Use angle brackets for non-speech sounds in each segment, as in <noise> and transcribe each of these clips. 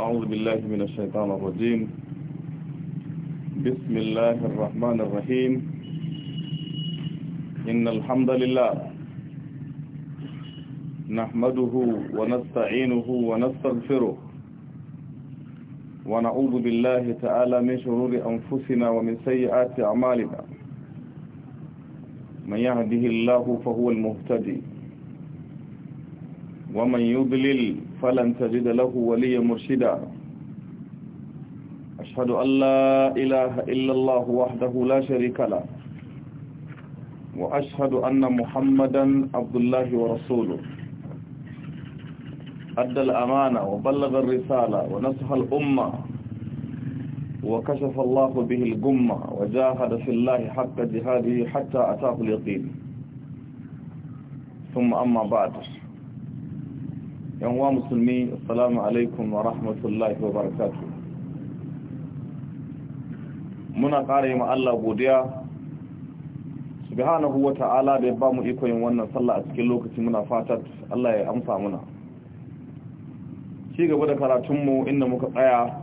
أعوذ بالله من الشيطان الرجيم بسم الله الرحمن الرحيم إن الحمد لله نحمده ونستعينه ونستغفره ونعوذ بالله تعالى من شرور أنفسنا ومن سيئات أعمالنا من يهده الله فهو المهتدي ومن يضلل فلن تجد له وليا مرشدا أشهد أن لا إله إلا الله وحده لا شريك له وأشهد أن محمدا عبد الله ورسوله أدى الأمانة وبلغ الرسالة ونصح الأمة وكشف الله به الجمة وجاهد في الله حق جهاده حتى أتاه اليقين ثم أما بعد yan uwa musulmi assalamu alaikum wa rahmatullahi wa barakatu muna ƙara yi Allah godiya subhanahu wa ta'ala da ya ba mu iko yin wannan sallah a cikin lokaci muna fatar Allah ya amsa muna ci gaba da karatunmu inda muka tsaya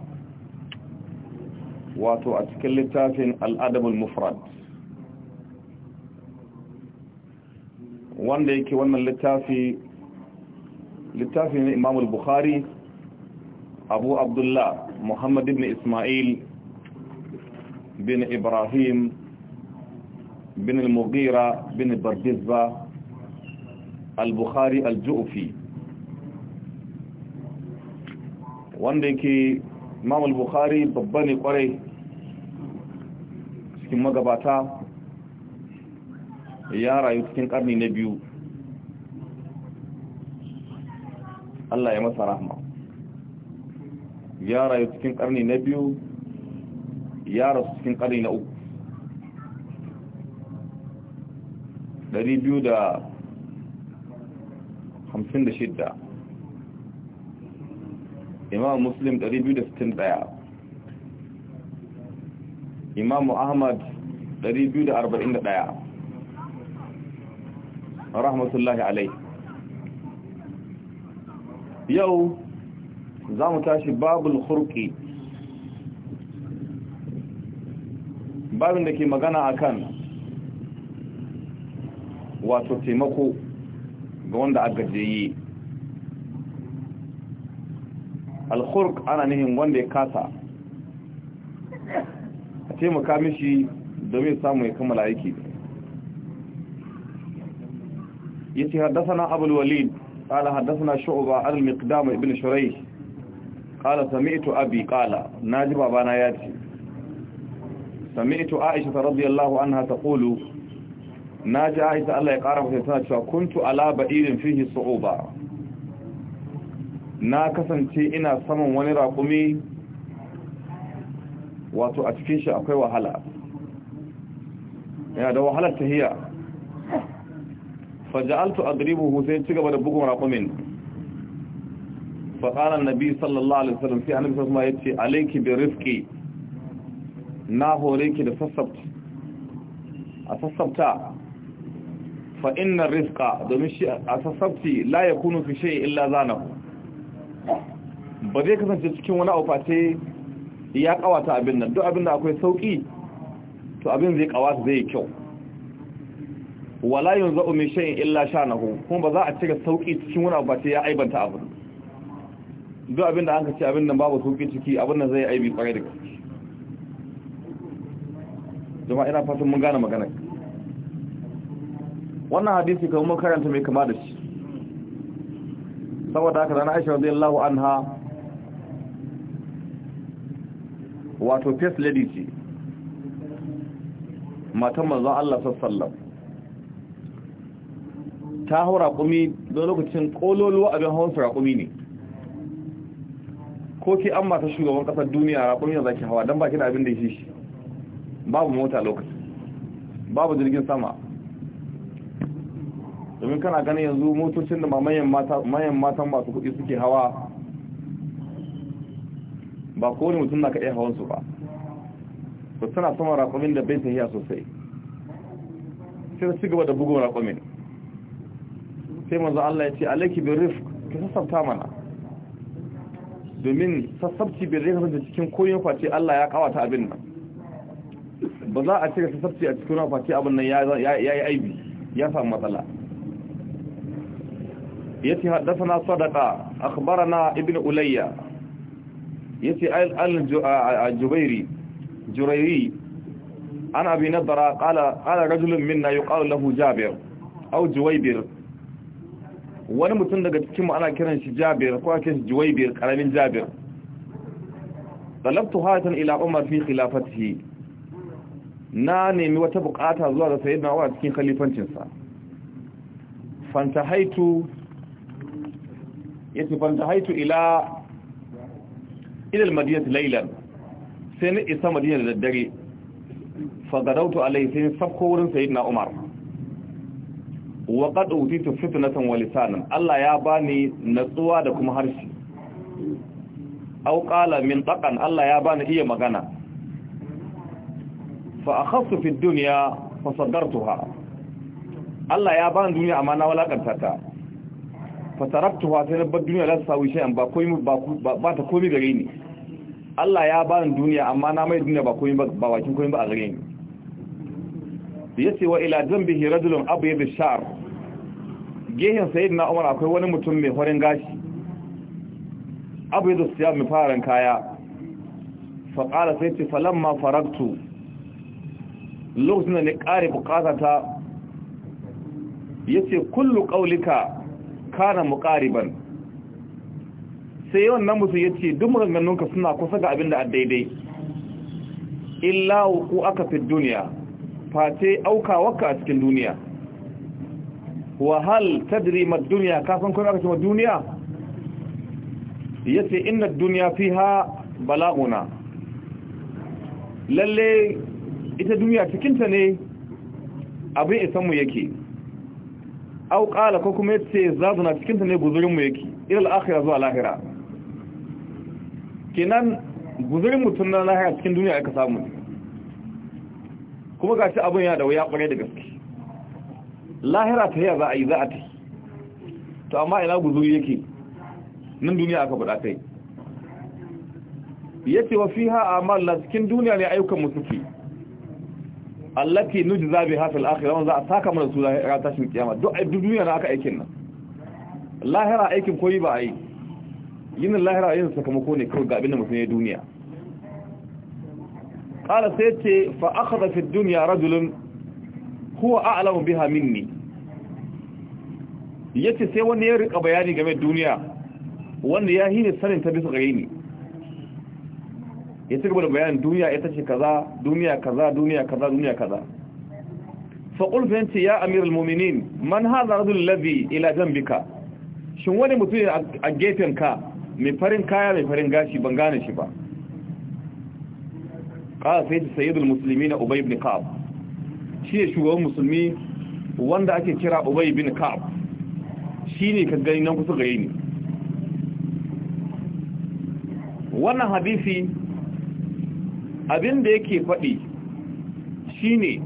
wato a cikin littafin al'adabul mufrad wanda yake wannan littafi littafin na imam al-bukhari abu abdullah muhammad ibn ismail bin ibrahim bin al-mughira bin bardizba al-bukhari al-ju'fi wanda yake imam al-bukhari babba ne kwarai cikin magabata ya rayu cikin karni na biyu Allah ya masa rahma ya rayu cikin karni na biyu ya rasu cikin karni na uku dari biyu da hamsin da shidda imam muslim dari biyu da sittin daya imam ahmad dari biyu da arba'in da daya rahmatullahi alaihi yau za mu tashi babul hurki babin da ke magana akan wato taimako ga wanda aka gajiyi alkhurk ana nihin wanda ya kasa a taimaka mishi domin samu ya kammala aiki yace haddasa na abul walid قال حدثنا شعبة عن المقدام ابن شريح قال سمعت أبي قال ناجب أبانا ياتي سمعت عائشة رضي الله عنها تقول ناجي عائشة الله يقارب سيسانا كنت على بئير فيه صعوبة ناكسا إنا سمن ونرى قمي وتؤتكيش أقوى هلا يعني ده وحلت هي faja'altu adribuhu sai ci gaba da bugun raqumin fa qala annabi sallallahu alaihi wasallam sai annabi sallallahu alaihi wasallam yace alayki bi rizqi na hore ki da sassabta a sassabta fa inna rizqa domin shi a sassabti la yakunu fi shay'in illa zanahu ba zai kasance cikin wani abu face ya kawata abin nan duk abin da akwai sauki to abin zai kawata zai yi kyau wala yunza'u mai shay'in illa sha hu kuma ba za a cika sauƙi cikin wani abu ba sai ya aibanta abu duk abin da ka ce abin nan babu sauƙi ciki abin nan zai aibi kwarai da gaske zama ina fatan mun gane magana wannan hadisi kamar mun karanta mai kama da shi saboda haka rana Aisha an ha. wato first lady ce matan manzon Allah sallallahu ta hau raƙumi don lokacin ƙololuwa abin hawan su raƙumi ne ko ke an mata shugaban ƙasar duniya raƙumi na zaki hawa don baki da abin da shi shi babu mota lokaci babu jirgin sama domin kana ganin yanzu motocin da mayan matan masu kuɗi suke hawa ba kowane mutum na kaɗe hawansu ba su suna sama raƙumin da bai sahiya sosai sai su gaba da bugun raƙumin sai manzo Allah ya ce alayki bi rifq ki sassabta mana domin sassabci bi rifq da cikin koyon face Allah ya kawata abin nan ba za a cire sassabci a cikin face abin nan ya yi aibi ya samu matsala yace haddathana sadaqa akhbarana ibnu ulayya yace al-jubairi jurairi ana abi nadara qala qala rajulun minna yuqalu lahu jabir aw juwaybir wani mutum daga cikin mu ana kiran shi Jabir ko ake shi Juwaybir karamin Jabir talabtu hatan ila Umar fi khilafatihi na nemi wata bukata zuwa ga sayyidina Umar cikin khalifancin sa fantahaitu yace fantahaitu ila ila al laylan sai ni isa madina da daddare fa gadautu alayhi sai safko wurin sayyidina Umar wa qad utitu fitnatan wa lisanan Allah ya bani natsuwa da kuma harshe aw qala min taqan Allah ya bani iya magana fa akhassu fi dunya fa saddartuha Allah ya bani duniya amma na walakanta ta fa taraktuha sai bar duniya la su shay'an ba komai ba ba ta komai gare ni Allah ya bani duniya amma na mai duniya ba komai ba bakin komai ba a gare ni yace wa ila zambihi rajulun abu ash sha'ar. gehen na umar akwai wani mutum mai horin gashi abu yadda siya mai farin kaya faƙala sai ce falamma faraktu lokacin da ni ƙare ta. ya ce kullu ƙaulika kana ban. sai yawan nan mutum ya ce duk maganganunka suna kusa ga abin da daidai illa ku aka fi duniya face auka waka a cikin duniya wa hal tadri ma dunya kafin kun aka ce ma duniya yace inna dunya fiha balaguna lalle ita duniya cikin ta ne abin isan mu yake au qala ko kuma yace zaduna cikin ta ne guzurin mu yake ila al-akhirah zuwa lahira kenan guzurin mu na lahira cikin duniya aka samu kuma gashi abin ya da wuya kware da gaske lahira ta yi za a yi za a ta to amma ina guzo yake nan duniya aka faɗa kai yace wa fiha amal cikin duniya ne ayyukan mu suke allati nujza biha fil akhirah wanda za a saka mana su lahira tashin kiyama duk duniya na aka aikin nan lahira aikin koyi ba a yi yin lahira yin sakamako ne kawai ga abin da mutum ne duniya qala sai ce fa akhadha fi dunya rajulun huwa a'lamu biha minni yace sai wanda ya rika bayani game da duniya wanda ya hine sanin ta bisa gare ni ya ci gaba da bayanin duniya ita ce kaza duniya kaza duniya kaza duniya kaza fa qul fanti ya amiral mu'minin man hadha rajul ladhi ila janbika shin wani mutum a gefen ka mai farin kaya mai farin gashi ban gane shi ba qala sayyidul muslimin ubay ibn ka'ab shi ne shugaban musulmi wanda ake kira ubay bin ka'ab shi ne ka gani nan kusa gari ni wannan hadisi abinda yake faɗi shi ne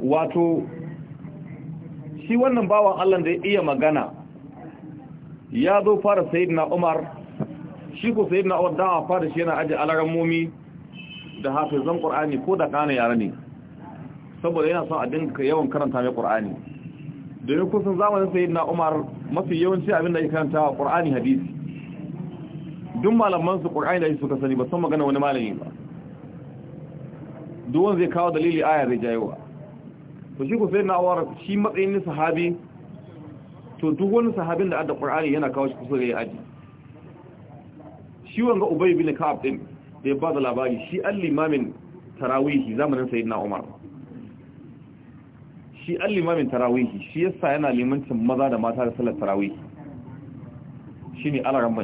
wato shi wannan bawan Allah da ya iya magana ya zo fara sayidina Umar shi ko sayidina Umar da fara shi yana ajiye alaran da hafizan ƙwar'ani ko da ƙana yare ne saboda yana son a dinga yawan karanta mai qur'ani domin kusan zamanin na umar mafi yawanci abin da ya karanta wa ƙur'ani hadisi duk malaman su qur'ani da suka sani ba san magana wani malami ba duk wanda zai kawo dalili aya zai jayewa to shi ku na umar shi matsayin ni sahabi to duk wani sahabin da adda ƙur'ani yana kawo shi kusa da ya aji shi wanga ubay bin ka'ab din da ya ba da labari shi al-limamin tarawihi zamanin sayyidina umar shi an limamin tarawihi shi yasa yana limancin maza da mata da sallar tarawihi shi ne alaran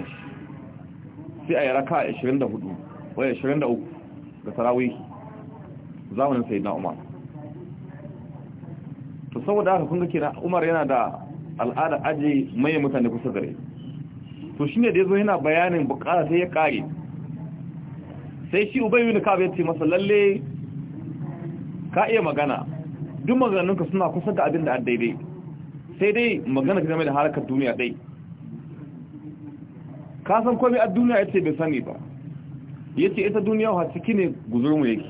shi sai a yi raka a 24 wai 23 ga tarawihi zamanin sai na umar to saboda haka kun ga na umar yana da al'ada aje mai mutane kusa gare to shine da yazo yana bayanin bukata sai ya kare sai shi ubayyu ne ka bai ce masa lalle ka iya magana duk maganganunka suna kusa ga abin da an daidai sai dai magana ka game da harkar duniya dai ka san komai a duniya ya ce bai sani ba ya ce ita duniya wa ciki ne guzurmu yake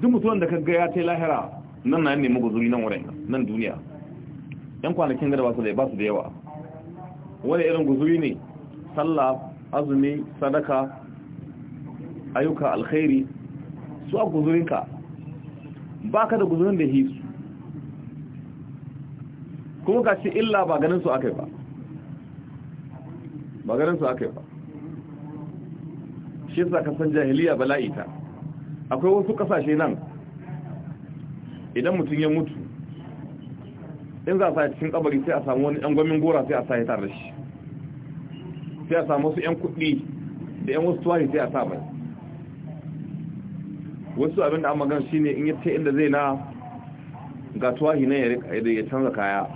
duk mutuwan da ka ga ya ce lahira nan na nemi guzuri nan wurin nan duniya yan kwanakin gada ba su da ba su da yawa wani irin guzuri ne sallah azumi sadaka ayyuka alkhairi su a guzurinka ba ka da guzurin da hisu kuma ka ce illa ba ganin su aka yi ba ba ganin su aka yi ba shi sa kasan jahiliya bala'i ta akwai wasu kasashe nan idan mutum ya mutu in za a sa cikin kabari sai a samu wani yan gwamin gora sai a sa ya tare shi sai a samu wasu yan kuɗi da yan wasu tuwari sai a sa bai wasu abin da amma shi ne in yi ta inda zai na ga tuwahi na ya canza kaya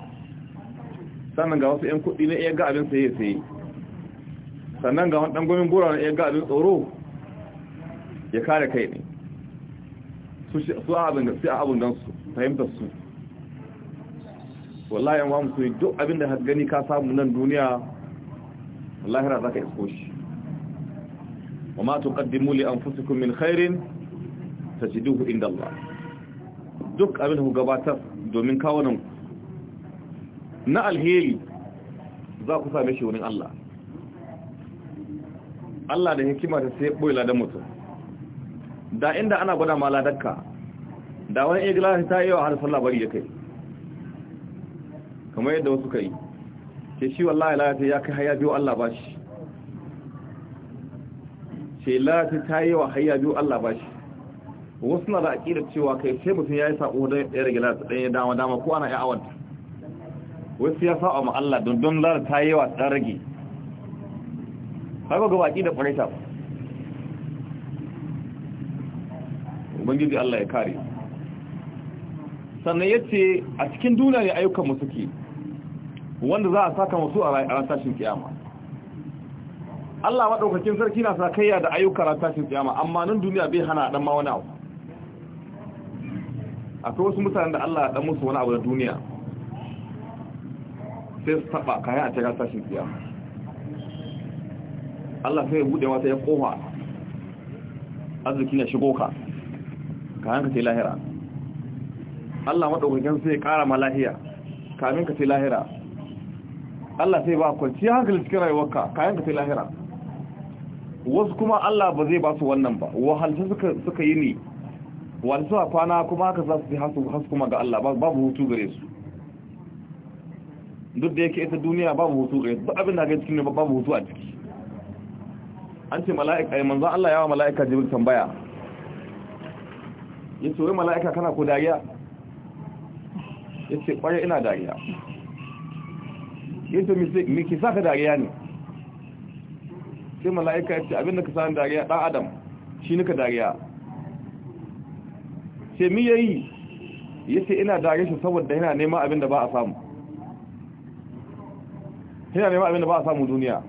sannan ga wasu 'yan kuɗi na iya ga abin saye saye sannan ga wani ɗangomin bura na iya ga abin tsoro ya kare kai ne su abin da sai abin don su fahimtar su wallahi yan wamu su yi duk abin da gani ka samu nan duniya lahira za ka isko shi wa ma tukaddimu li fusikun min khairin tajiduhu inda Allah duk abin da ku gabatar domin kawunan na alheri za ku same shi wurin Allah Allah da hikima ta sai boye ladan mutum da inda ana gwada ma ladanka da wani igla ta yi wa har sallah bari ya kai kamar yadda wasu kai ke shi wallahi ta ya kai haya biyu Allah bashi ce la ta yi wa haya biyu Allah bashi wasu na da aƙidar cewa kai sai mutum ya yi saƙo don ya rage lalata ɗaya dama dama ko ana ya'awar wasu ya sa'a ma'alla don don lara ta yi wa ɗan rage haka gaba aƙidar ƙwarita ba ubangiji Allah ya kare sannan ya ce a cikin duniya ne ayyukan mu suke wanda za a saka masu a ran kiyama Allah maɗaukakin sarki na sa kayya da ayyukan ran kiyama amma nan duniya bai hana ɗan ma wani abu akwai wasu mutane da Allah ɗan musu wani abu na duniya sai su taba kayan a cikin tashin siya Allah sai ya bude wata ya kofa arziki ya shigo ka kayan ka ce lahira Allah maɗaukakin sai ya ƙara ma lahiya kamin ka ce lahira Allah sai ba kwanciya hankali cikin rayuwarka kayan ka ce lahira wasu kuma Allah ba zai ba su wannan ba wahalci suka yi ne wani suna kwana kuma haka za su fi hasu kuma ga Allah babu hutu gare su duk da yake ita duniya babu hutu gare su duk abin da ga cikin ne babu hutu a ciki an ce mala'ika eh, ya manzan Allah yawa mala'ika jibin tambaya ya ce wai mala'ika kana ko dariya ya ce kwaya ina dariya ya ce miki sa ka dariya ne sai mala'ika ya ce abin da ka sa dariya ɗan adam shi nika dariya ce mi yayi yace ina dage shi saboda yana neman abin da ba a samu yana neman abin da ba a samu duniya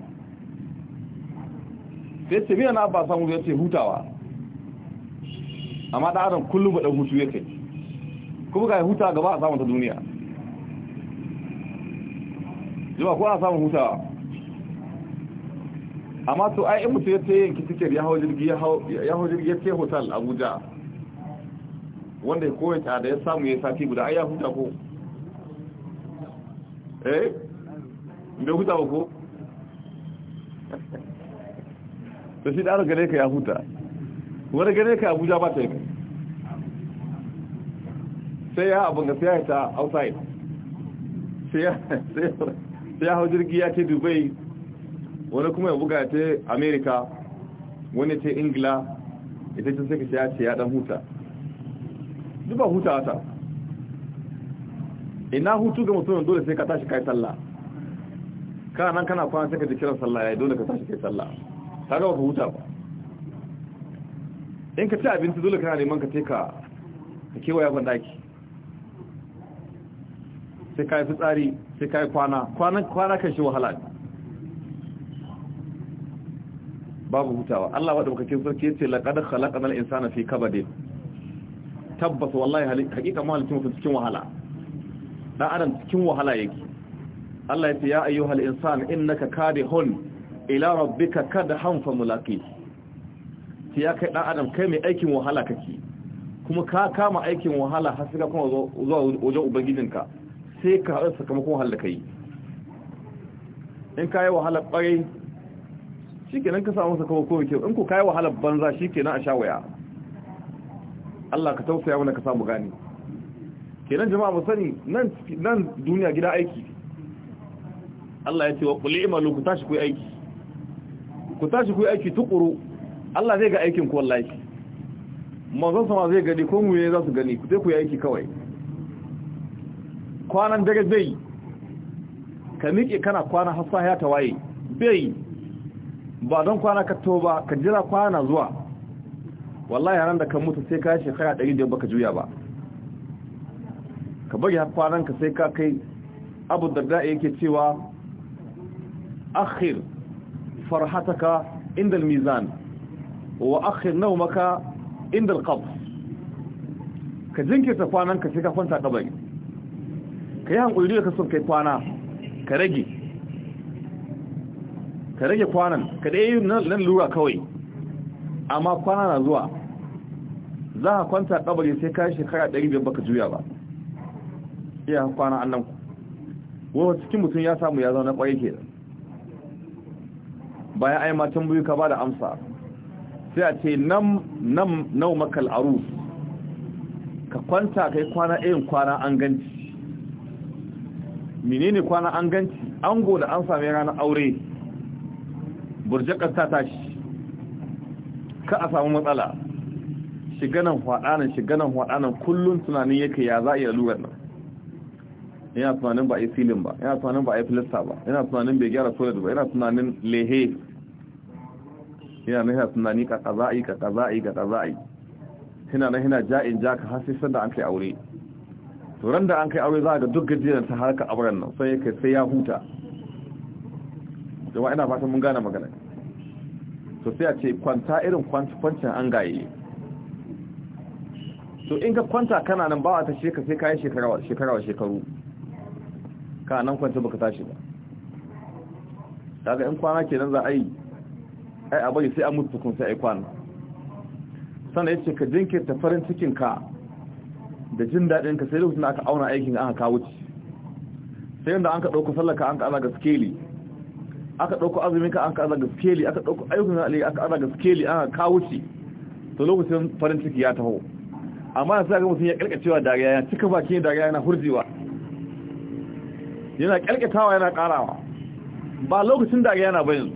sai ce mi yana ba a samu yace hutawa amma da adam kullum ba dan hutu yake kuma ga hutawa gaba a samu ta duniya zuwa ko a samu hutawa amma to ai in mutu yace ce yin kitikir ya hau jirgi ya jirgi ya ce hotel abuja wanda ya koyata da ya samu ya sati guda ai ya huta ko eh bai huta ko da shi da gare ka ya huta wani gare ka abuja ba ta yi sai ya abin da sai ya ta outside sai ya hau jirgi ya ce dubai wani kuma ya buga ya ce america wani ce ingila ita ce sai ka ya ce ya dan huta duba huta ta ina hutu ga mutum dole sai ka tashi kai sallah ka nan kana kwana sai ka ji kiran sallah yayi dole ka tashi kai sallah kaga ba huta ba in ka ci abinci dole kana neman ka teka ka kewaya ban daki sai ka yi fitsari sai ka yi kwana kwana kan shi wahala ne babu hutawa Allah wadda muka kin sarki yace laqad khalaqnal insana fi kabadin tabbas wallahi hakika mahalicin mutum cikin wahala dan adam cikin wahala yake Allah ya ce ya ayyuhal insan innaka kadihun ila rabbika kadhan fa mulaqi ti ya kai dan adam kai mai aikin wahala kake kuma ka kama aikin wahala har sai ka kuma zuwa wajen ubangijinka sai ka haɗa sakamakon wahala kai in kai wahala kwarai shikenan ka samu sakamakon kyau in ko kai wahala banza shikenan a shawaya Allah ka tausaya mana ka samu gani kenan jama'a ba sani nan nan duniya gida aiki Allah ya ce wa qul imalu ku tashi ku aiki ku tashi ku aiki tukuru Allah zai ga aikin ku wallahi manzon sama zai gani ko mu ne za su gani ku sai ku aiki kawai kwanan daga bai ka miƙe kana kwana har sa ya tawaye bai ba don kwana ka toba ka jira kwana zuwa wallahi ran da kan mutu sai ka shekara 100 baka juya ba ka bari kwanan ka sai ka kai abu da darda yake cewa akhir farhataka inda almizan mizan wa akhir nawmaka inda alqab ka jinkirta kwanan ka sai ka kwanta kabari yi hankuri da ka son kai kwana ka rage ka rage kwanan ka dai nan lura kawai amma kwana na zuwa za a kwanta kabari sai ka shekara 500 baka juya ba iya kwana annan ku wani cikin mutum ya samu ya zauna kwaye ke bayan ai matan buyu ka ba da amsa sai a ce nan nan nau makal aru ka kwanta kai kwana ɗayan kwana an ganci menene kwana an ganci ango da an same ranar aure burjakar ta tashi ka a samu matsala shiganan nan shiganan hwadanan kullum tunanin yake ya za a yi lalurar nan yana tunanin ba a yi silin ba yana tunanin ba a yi filista ba yana tunanin bai gyara solid ba yana tunanin lehe yana nan yana tunani ka yi ka kaza'i ka yi yana nan yana ja'in ja ka hasi sanda an kai aure to ran da an kai aure za ga duk gajiyar ta harkar auren nan sai ya kai sai ya huta jama'a ina fatan mun gane magana to sai a ce kwanta irin kwancin an gaye to in ka kwanta kana nan ba a ta sheka sai kayan shekara wa shekaru ka nan kwanta baka tashi ba daga in kwana ke nan za a yi ai a bai sai an mutu kun sai yi kwana sannan ya ce ka jinkirta farin cikin ka da jin daɗin ka sai lokacin da aka auna aikin aka ka wuce. sai yadda an ka ɗauka sallaka an ka ana ga skeli aka ɗauko azumin ka an ka aza ga skeli aka ɗauko ayyukan alai aka aza ga skeli an kawo shi to lokacin farin ciki ya taho amma sai ga mutum ya kalkacewa dariya yana cika baki dariya yana hurjewa yana kalkatawa yana karawa ba lokacin dariya yana bayan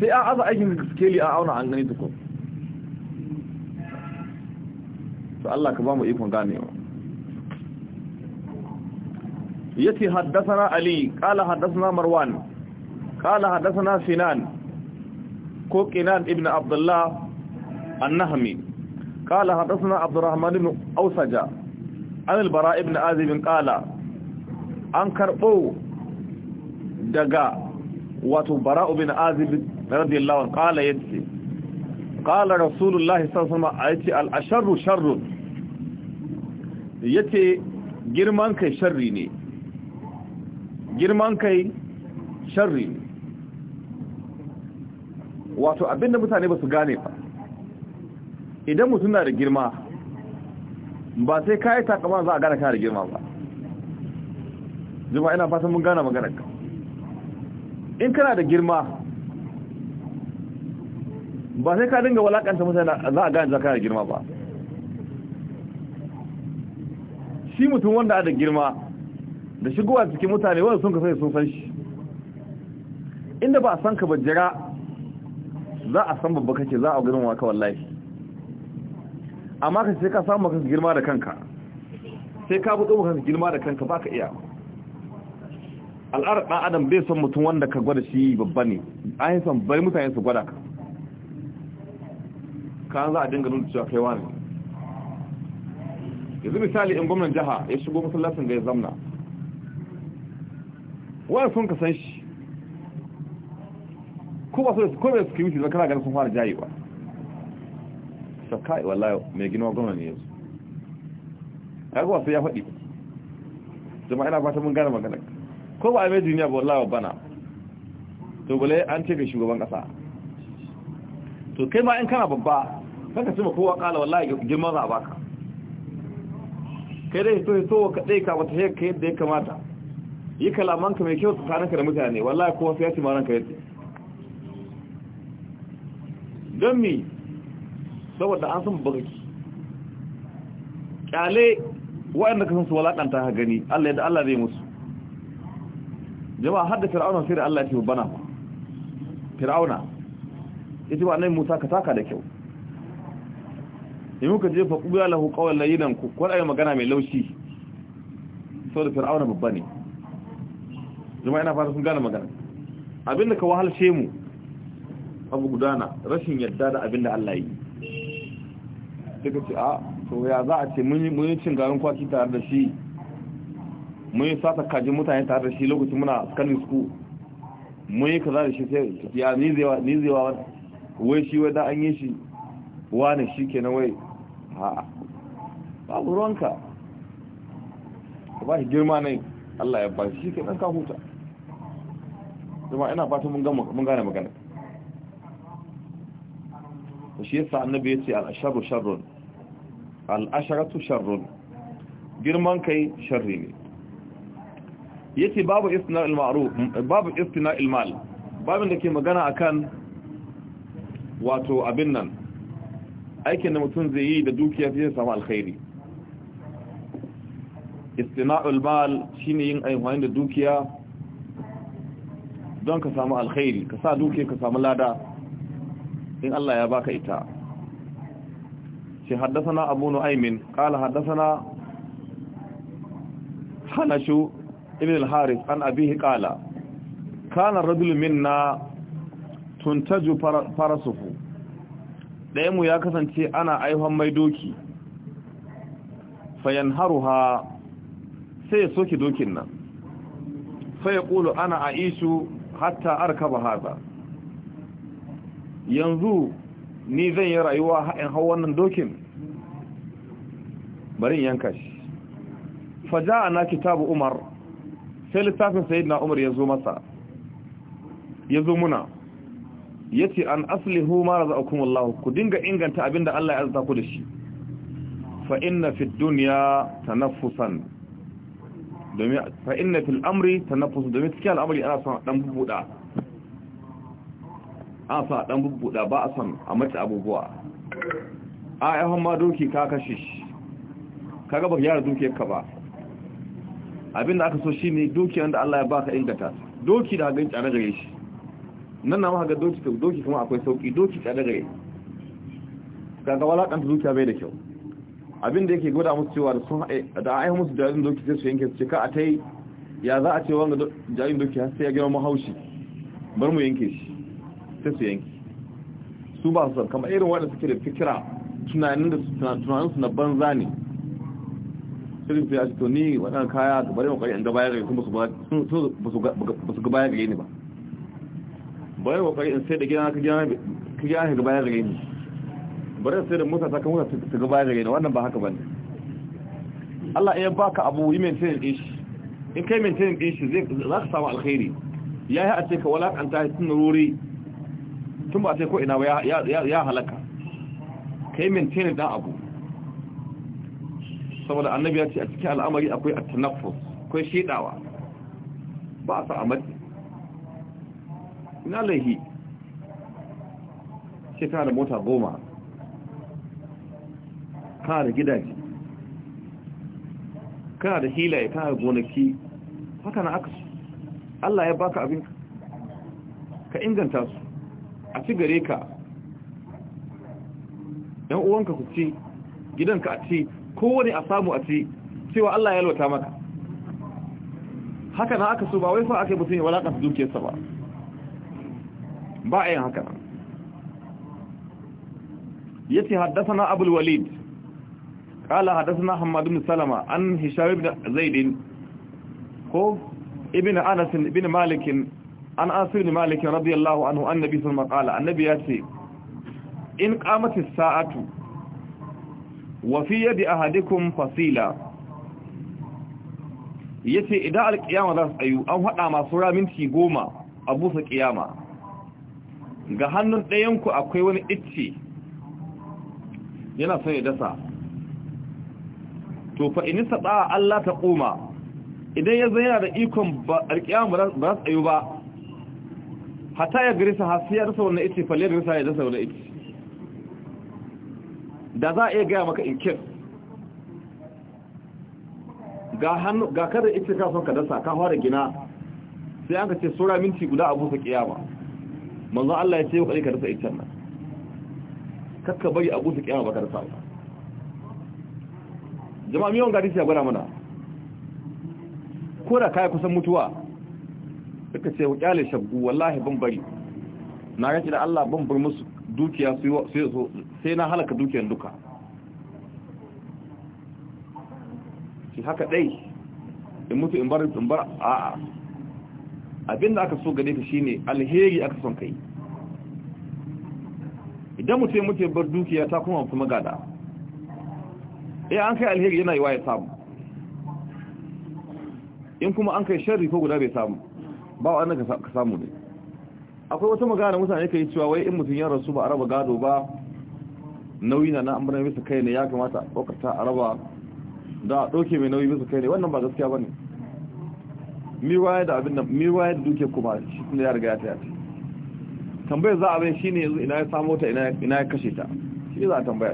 sai an aza aikin skeli an auna an gani tukun to Allah ka ba mu ikon ganewa yace haddathana ali qala haddathana marwan قال حدثنا سنان كو قنان ابن عبد الله النهمي قال حدثنا عبد الرحمن بن اوسجا عن البراء بن آذب قال أن كربو دقاء وتبراء بن آذب رضي الله عنه قال يدسي قال رسول الله صلى الله عليه وسلم ايتي الاشر شر يتي girman kai sharri ne girman kai sharri ne wato abinda mutane ba su gane ba idan mutum na da girma ba sai kayi takama za a gane kana da girma ba jima ina fatan mun gane maganar ka in kana da girma ba sai ka dinga walakanta mutane za a gane za kana da girma ba shi mutum wanda da girma da shigowa cikin mutane wanda sun ka sai sun san shi inda ba a san ka ba jira za a san babba kake za a girma ka wallahi amma ka sai ka samu kanka girma da kanka sai ka fito kanka girma da kanka baka iya al'adar ɗan adam bai son mutum wanda ka gwada shi babba ne an yi son bai mutane su gwada ka kan za a dinga nuna cewa kai wani yanzu misali in gwamnan jiha ya shigo masallacin ga ya zamna wani sun ka san shi ko ba su da ko mai suka yi ganin sun fara jayewa sa kai wallahi mai gina gona ne yanzu kaga wasu ya faɗi zama ina fata mun gane magana ko ba a mai duniya ba wallahi bana to bale an ce ga shugaban kasa to kai ma in kana babba kanka ka ma kowa kala wallahi girman za a baka kai dai to to ka dai ka wata yadda ya kamata yi kalamanka mai kyau tsakaninka da mutane wallahi kowa sai ya ce ma ranka yadda don mi saboda an san barki kyale waɗanda ka san su walakanta ha gani Allah yadda Allah zai musu jama'a hada fir'auna sai da Allah ya ce bana ba fir'auna ce ba nan Musa ka taka da kyau in muka je fa qula lahu qawlan layyinan ku kwarai magana mai laushi saboda fir'auna babba ne jama'a ina fata sun gane magana abinda ka wahalce mu abu gudana rashin yadda da abin da Allah yi daga ce a to ya za a ce mun yi cin garin kwaki tare da shi mun yi sata kajin mutane tare da shi lokacin muna scanning school mun yi kaza da shi sai ya ni zai wa wai shi wai da an yi shi ne shi ke na wai ha babu ruwanka ka ba shi girma ne Allah ya ba shi ke ɗan ka huta zama ina fata mun gane magana shi yasa annabi ya ce al-asharu sharrun al-asharatu sharrun girman kai sharri ne yace babu istina al-ma'ruf babu istina al-mal babin da ke magana akan wato abin nan aikin da mutum zai yi da dukiya zai samu alkhairi istina'ul mal shine yin aiwani da dukiya don ka samu alkhairi ka sa dukiya ka samu lada in Allah ya baka ita shi haddasana abu nu'aymin qala haddasana hanashu ibn al-harith an abihi Kala kana ar na minna tuntaju farasufu ɗaya mu ya kasance ana aihuwan mai doki fayan haruha sai ya dokin nan sai ya ƙulu ana aishu hatta arkaba ba yanzu ni zan yi rayuwa in hau wannan dokin bari yanka shi faja na kitabu umar sai littafin sayidina umar ya zo masa ya zo muna ya ce an asali aslihu ma raza'akumullahu ku dinga inganta abinda Allah ya azata ku da shi fa na fi dunya tanaffusan domin fa inna ta na tanaffus domin cikin al'amari ana son dan buɗa an sa dan bubbuda ba a san a mace abubuwa a yawan ma doki ka kashe shi ka gaba yara yaka ba abinda aka so shi ne dukiyar da Allah ya baka ingata doki da hagan tsada gare shi nan na maka doki doki kuma akwai sauki doki tsada gare kaga walakanta dukiya bai da kyau abinda yake gwada musu cewa da sun da ayyuka musu jarin doki sai su yanke su ce ka a yi ya za a ce wanga jarin doki har sai ya girma mahaushi bar mu yanke shi sai su yanki su ba su san kama irin waɗanda suke da fikira tunanin da tunanin su na banza ne sai su ya to ni waɗannan kaya da bari makwari inda bayan baya gare sun ba su ga baya gare ba bari makwari in sai da gina ka gina ka gidan ga baya gare bari sai da musa ta kamuna mota ta ga baya gare wannan ba haka bane Allah ya baka abu yi maintain din shi in kai maintain din shi zai za ka samu alkhairi yi a ce ka ta shi tun rori tun ba sai ko ina ba ya halaka ka yi mintini dan abu saboda annabi ya ce a cikin al'amari akwai a tanaffus akwai shidawa ba a sa'a mace ina laihi ce kana da mota goma kana da gidaje kana da hilaye kana da gonaki haka na aka Allah ya baka abinka ka inganta su a ci gare ka ɗan uwanka ku ci gidanka a ci kowane a samu a ci cewa Allah ya yalwata maka haka na aka so ba wai fa aka yi mutum ya su dukiyarsa ba ba a yin haka ya ce haddasa na abul walid ƙala haddasa na hamadu سلمة an هشام zaidin ko ibina Anasin ibina Malikin. an asir ne malikin radiyallahu anhu annabi sun makala annabi ya ce in kamatis sa'atu wa fi yadi ahadikum fasila yace idan alkiyama za su tsayu an hada masu raminci goma a busa kiyama ga hannun ɗayanku akwai wani icce yana son ya dasa to fa inista tsa'a Allah ta koma idan ya zai yana da ikon alkiyama ba za su tsayu ba hata ya girsa har sai ya rasa wannan ita falle ya dasa wannan ita da za a iya gaya maka in ga hannu ga kada ita ka son ka dasa ka fara gina sai an ka ce sura minti guda abu sa kiyama manzo Allah ya ce ku ka dasa ita nan kakka bari abu sa kiyama baka dasa ba jama'a miyon gari sai gwada mana ko da kai kusan mutuwa suka ce kyale shabgu wallahi ban bari na shi da Allah ban bar musu dukiya sai na halaka dukiyar duka shi haka dai in mutu in bar in bar a'a abinda aka so gare ka shine alheri aka son kai idan mutu mutu bar dukiya ta kuma kuma gada eh an kai alheri yana wa ya samu in kuma an kai sharri ko guda bai samu ba wa annaka ka samu ne akwai wata magana mutane kai yi cewa wai in mutum ya rasu ba a raba gado ba nauyi na na amurna bisa kai ne ya kamata a araba a raba da a mai nauyi bisa kai ne wannan ba gaskiya ba ne waye da abin nan mi waye da duke kuma shi ne ya riga ya ta tambaye za a bai shine yanzu ina ya samo ta ina ya kashe ta shi za a tambaya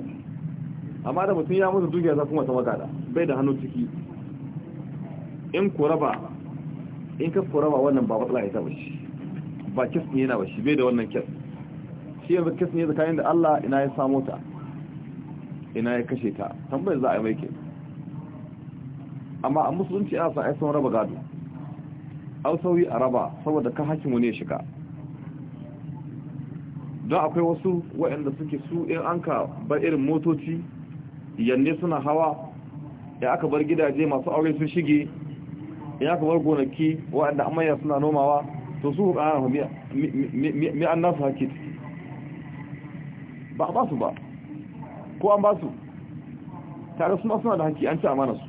amma da mutum ya mutu dukiya za kuma ta magana bai da hannu ciki in ku raba in ka kura wannan ba matsala ita ba ba kes ne yana ba shi bai da wannan kes shi yanzu kes ne tsakanin da Allah ina ya samu ta ina ya kashe ta tambayar za a yi mai ke amma a musulunci ana sa son raba gado an sauyi a raba saboda ka wani ne shiga don akwai wasu waɗanda suke su in an ka bar irin motoci yanne suna hawa ya aka bar gidaje masu aure sun shige ina kamar gonaki waɗanda amayya suna nomawa to su hukana mi an nasu haƙi ba a ba su ba ko an ba su tare su suna da haƙi an ci amana su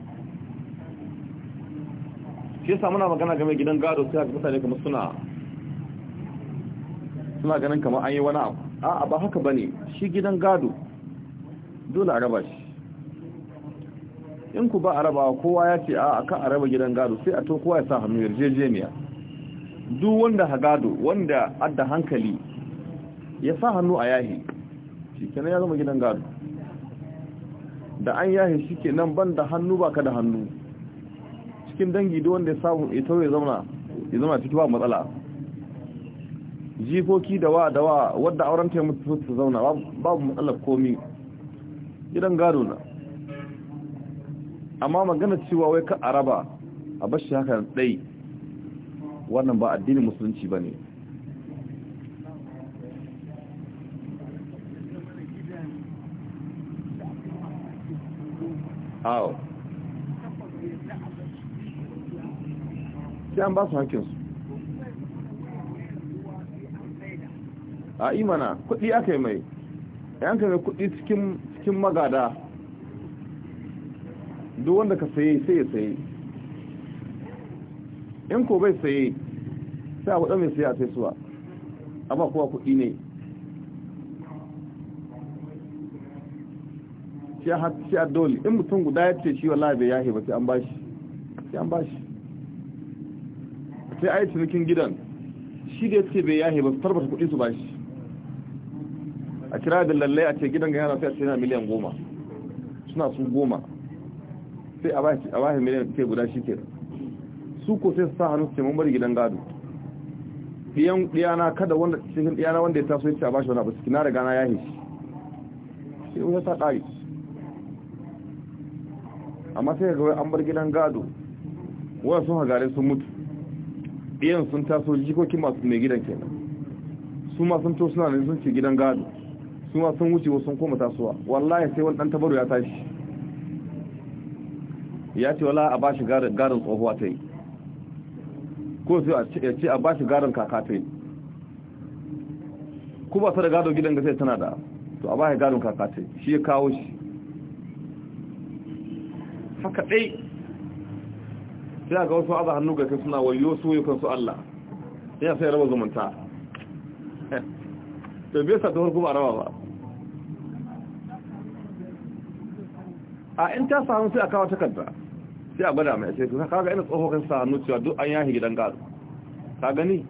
shi yasa muna magana game gidan gado sai haka mutane kamar suna suna ganin kamar an yi wani abu a ba haka ba ne shi gidan gado dole a raba shi in ku ba a rabawa kowa ya ce a kan a raba gidan gado sai a to kowa ya sa hannu yarjejeniya duk wanda ha gado wanda adda hankali ya sa hannu a yahi shi kenan ya zama gidan gado da an yahi shi kenan ban da hannu ba ka da hannu cikin dangi duk wanda ya samu ya zama ya zama ciki ba matsala jifoki da wa da wa wadda auren ta su zauna babu matsalar komi gidan gado na amma magana cewa wai ka araba a bashi haka dai wannan ba addinin musulunci ba ne awo sai an ba su hakinsu a imana kudi aka yi mai yanka mai kudi cikin magada duk wanda ka saye sai ya saye in ko bai saye sai abu kuɗa saye a sai suwa amma kowa kuɗi ne shi a dole in mutum guda ya ce shi wallahi bai yahe ba sai an bashi sai an bashi sai a yi cinikin gidan shi da ya ce bai yahe ba su tarbata kuɗi su bashi a kira da lallai a ce gidan ga yana sai a ce yana miliyan goma suna sun goma sai a bashi miliyan sai guda shi ke su ko sai su sa hannu su ce mun bari gidan gado ɗiyan ɗiyana kada wanda cikin ɗiyana wanda ya taso ya ce a bashi wani abu ciki na riga na yahe shi sai wuta ta ƙari amma sai ga an bar gidan gado wanda sun hagare sun mutu ɗiyan sun taso jikokin masu mai gidan kenan su ma sun to suna ne sun ce gidan gado su ma sun wuce wasu sun koma tasowa wallahi sai wani ɗan tabaru ya tashi ya ce wala a bashi garin tsohuwa ta yi ko sai ya ce a bashi garin kaka ta yi ko ba da gado gidan gasai tana da to a bashi garin kaka ta yi shi ya kawo shi haka ɗai sai a ga wasu aza hannu ga kai suna wayo su yi kansu Allah ya sai raba zumunta <laughs> to bai sa ta harku ba raba ba a in ta samu sai a kawo takarda sai a gwada mai sai kusa kaga ina tsohon sa hannu cewa duk an yahi gidan gado ka gani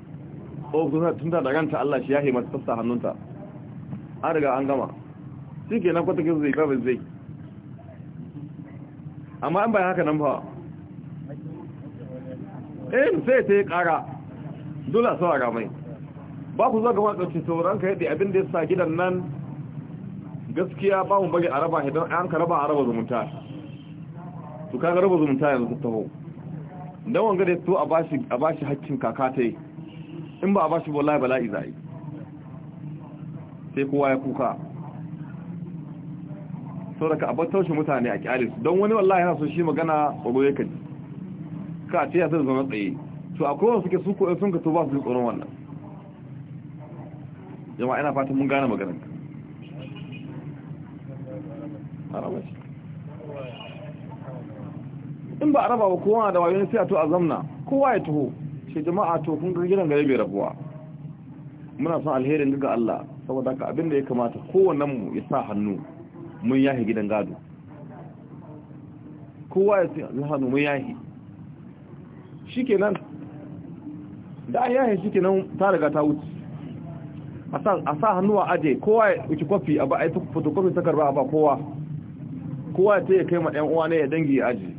tsohon tun da ranta Allah shi yahi masu sassa hannunta an riga an gama shi ke nan kwatakin zai babin zai amma an bayan haka nan ba eh sai ta yi kara dole a saurara mai ba ku zaga wani ɗauki sauran ka yadda abin da ya sa gidan nan gaskiya ba mu bari a raba an ka raba a raba zumunta su kaga raba zumunta yanzu ta taho don wanga da to a ba shi haƙƙin kaka yi in ba a bashi wallahi bala'i zai sai kowa ya kuka sau da a battar shi mutane a kyale su don wani wallahi yana so shi magana tsoro ya kaji ka ce ya zai zama tsaye to akwai wasu suke su ko sun ka to ba su tsoron wannan jama'a ina fatan mun gane maganin ka in ba a raba ba kowa da wayoyin sai a to a zamna kowa ya taho ce jama'a to kun ga gidan gare bai rabuwa muna son alherin duka Allah saboda haka abin da ya kamata kowannen mu ya sa hannu mun yahi gidan gado kowa ya sa hannu mun yahi shikenan da ya yahi shikenan ta riga ta wuce a sa hannu a aje kowa ya wuce kwafi a ba a yi fotokofi takarba a ba kowa kowa ya ce ya kai ma ɗan uwa ne ya dangi ya aji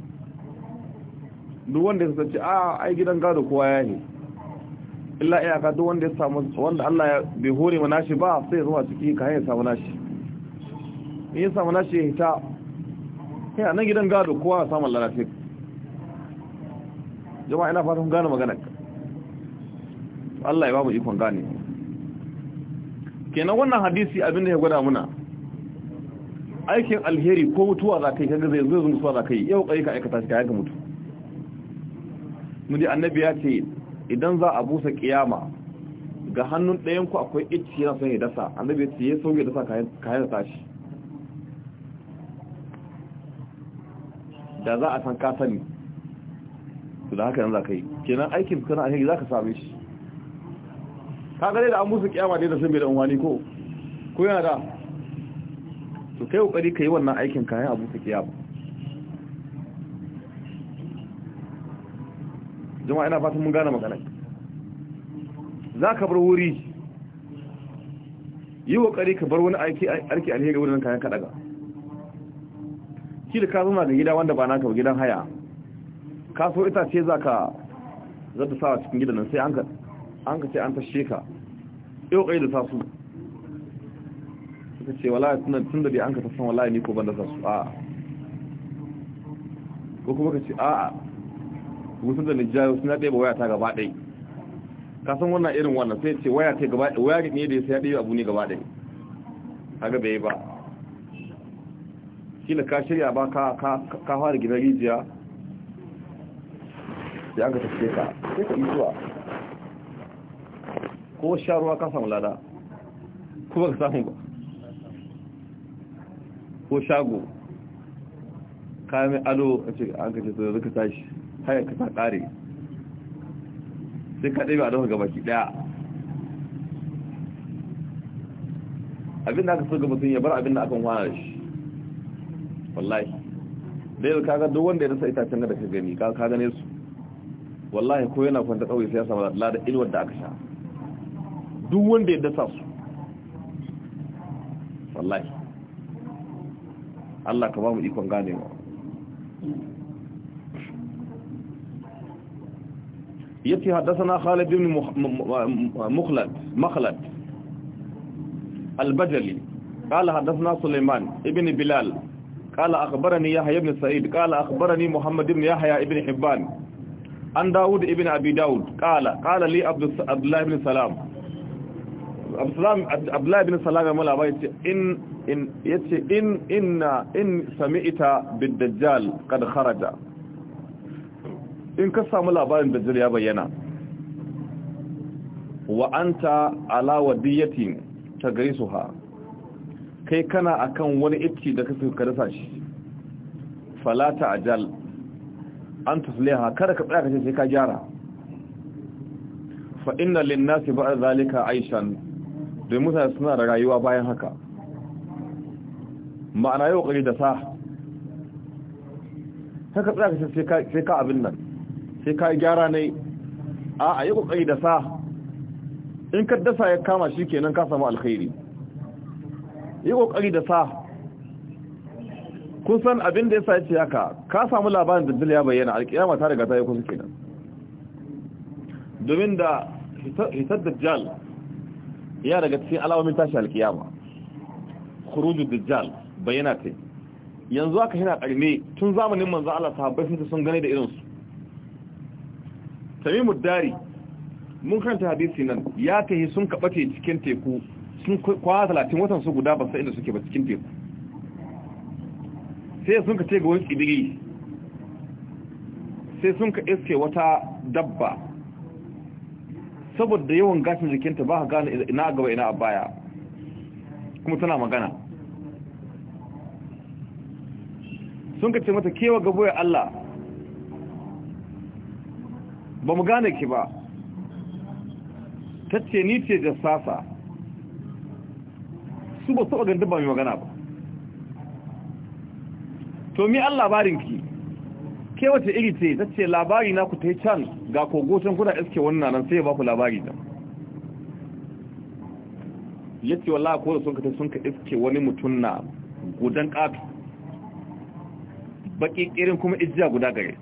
duk wanda ya kasance a ah, ai gidan gado kowa ya yi illa iyaka duk wanda ya samu wanda Allah ya bai hore mana shi ba sai zuwa ciki ka ya samu nashi in ya samu nashi ya hita ya nan gidan gado kowa ya samu lalace jama'a ina fatan gane magana Allah ya ba mu ikon gane kenan wannan hadisi abinda ya gwada muna aikin alheri ko mutuwa za ka yi kaga zai zai mutuwa za ka yi yau ka aikata shi ka yanka mutu mudi annabi ya ce idan za a busa kiyama ga hannun ɗayan ku akwai itci yana son ya dasa annabi ya ce ya sauya dasa kayan da tashi da za a san ka sani su da haka yanzu kai yi kenan aikin kana alheri za ka same shi ka gane da an busa kiyama dai da sun bai da unwani ko ko yana da to kai kokari ka yi wannan aikin kayan a busa kiyama jama'a ina fatan mun gane magana za ka bar wuri yi kokari ka bar wani aiki alheri wurin kayan ka daga shi da ka zama ga gida wanda ba naka ba gidan haya ka so ita ce za ka za ta sawa cikin gidan nan sai an ka ce an tashe ka yi kokari da tasu suka ce wala tun da bai an ka tasan wala ni ko ban da tasu a ko kuma ka ce a'a mutum da nijar suna ɗaya ba waya ta gaba ɗai kasan wannan irin wannan sai ce waya ta gaba ɗai waya ne da ya sai ɗaya abu ne gaba ɗai a gaba ya ba shi da ka shirya ba ka ka fara gina rijiya da aka tafiye ka sai ka isuwa ko sha ruwa ka samu lada ko ba ka samu ba ko shago kayan ado a ce an ka ce to yanzu ka tashi haya ka ta tsare sai ka ba a dafa gaba ɗaya abin da aka so gaba sun yi bar abin da akan kwana shi wallahi da yau kaga duk wanda ya rasa itacen da ka gani ka gane su wallahi ko yana kwanta kawai sai ya samu da ilwar da aka sha duk wanda ya dasa su wallahi Allah ka ba mu ikon ganewa يتي حدثنا خالد بن مخلد مخلد البجلي قال حدثنا سليمان ابن بلال قال أخبرني يحيى بن سعيد قال أخبرني محمد بن يحيى ابن حبان عن داود ابن أبي داود قال قال لي عبد الله بن سلام عبد الله بن سلام يقول أبا إن إن إن إن إن سمعت بالدجال قد خرج in ka samu labarin da dajjal ya bayyana wa ta gari su ha. kai kana akan wani itti da kasu ka dasa shi fala ta'jal an tusliha kada ka tsaya kace sai ka gyara fa inna lin-nasi ba'da zalika aishan da mutane suna da rayuwa bayan haka ma'ana yau kari da sa haka tsaya kace sai ka abin nan sai ka gyara ne a a yi kokari da sa in ka dasa ya kama shi kenan ka samu alkhairi yi kokari da sa kun san abin da ya sa ce haka ka samu labarin dajjal ya bayyana alkiyama ta riga ta yi kusa kenan domin da hitar dajjal ya daga cikin alamomin tashi alkiyama khurujud dajjal bayyana ta yanzu aka hina karne tun zamanin manzo Allah sahabbai sun sun gane da irinsu tamimu dari mun karanta hadisi nan ya tahi sun kabace cikin teku sun kwa talatin watan su guda ba sai inda suke ba cikin teku sai sun ka ce ga wani tsibiri sai sun ka iske wata dabba saboda yawan gashin jikinta ba ka gane ina gaba ina a baya kuma tana magana sun ka ce mata kewa gabo ya Allah ba mu gane ki ba ta ce ni ce jassasa su ba su ba ba mai magana ba to mi an labarinki ke wace iri ce ta ce labari na ku ta yi can ga kogoton kuna iske wannan nan sai ba ku labari da ya ce wallah ko da sun kata sun ka iske wani mutum na gudan ƙafi baƙi irin kuma ijiya guda gare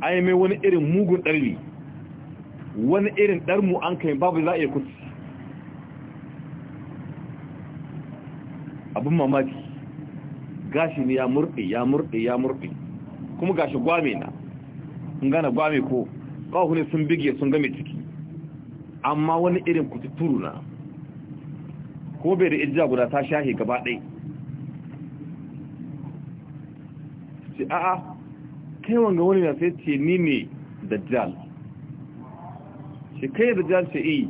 ai mai wani irin mugun ɗarni wani irin mu an kai babu za a iya kuci abin mamaki gashi ne ya murɗe ya murɗe ya murɗe kuma gashi gwame na sun gane gwame ko ƙawahu ne sun bige sun game ciki amma wani irin kututuru na ko bai da ijja guda ta shahi gaba ɗai a'a kai wanga wani na sai ce ni ne dajjal shi kai dajjal ce iyi eh.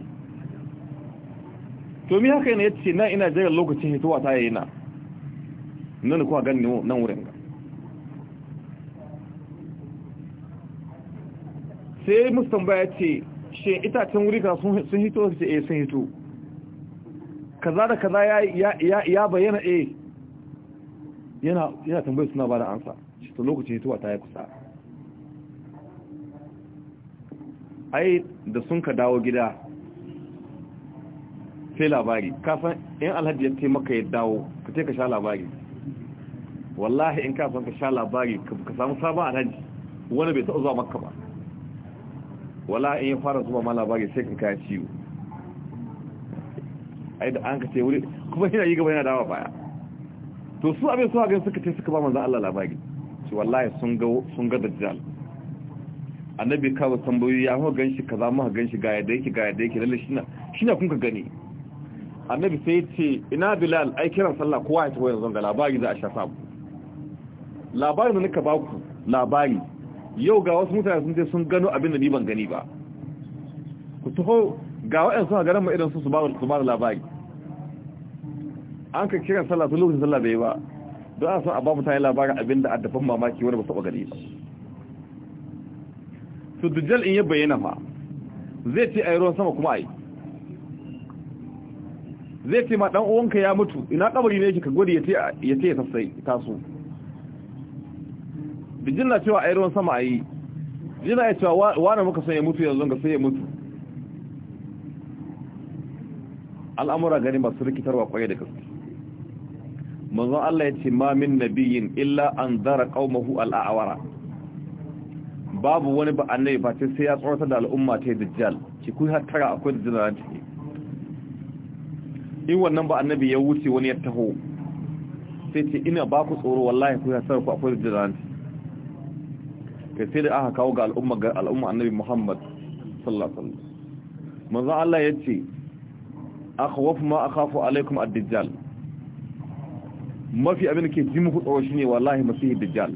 to mi haka yana ya ce na ina jiran lokacin hituwa ta yayi na nan kuwa ni nan wurin ga sai mustan baya ce shi itacen wuri ka sun hito su ce eh sun hito kaza da kaza ya bayyana eh yana tambayi suna ba da ansa shi lokacin hituwa ta yi kusa ai da sun ka dawo gida sai labari kafin in alhaji ya taimaka ya dawo ka ce ka sha labari wallahi in kafin ka sha labari ka samu sabon alhaji wani bai taɓa zuwa makka ba wala in ya fara zuwa ma labari sai ka kaya ciwo ai da an ka ce wuri kuma yana yi gaba yana dawa baya to su abin suwa gani suka ce suka ba manzan Allah labari ce wallahi sun ga dajjal annabi ba tambayoyi ya muka ganshi kaza muka ganshi ga yadda yake ga yadda yake lalle shi shina kun ka gani annabi sai ce ina bilal ai kiran sallah kowa ya yanzu, ga labari za a sha sabu labarin da nika baku labari yau ga wasu mutane sun ce sun gano abin da ni ban gani ba ku taho ga wa'yan suna ganin mu irin su su ba labari an ka kiran sallah su lokacin sallah bai ba don a san a ba mutane labarin abin da addafan mamaki wani ba taɓa gani ba su dujjal in yi bayyana ma zai ce a yi ruwan sama kuma a yi zai ce ma ɗan uwanka ya mutu ina ƙabari ne yake ka gwada ya ce ya sassai taso dujjal na cewa a yi ruwan sama a yi jina ya cewa wane muka son ya mutu yanzu ga sai ya mutu al'amura gani masu rikitarwa kwaye da gaske manzon Allah ya ce ma min nabiyin illa an zara qaumahu al'awara babu wani ba annabi ba sai ya tsorata da al'umma ta dajjal ki ku har tara akwai dajjal take in wannan ba annabi ya wuce wani ya taho sai ce ina ba ku tsoro wallahi ku ya sarku akwai da dajjal Ka sai da aka kawo ga al'umma ga al'umma annabi Muhammad sallallahu alaihi wasallam manzon Allah ya ce akhwaf ma akhafu alaikum ad-dajjal mafi abin da ke ji muku tsoro shine wallahi masihi dajjal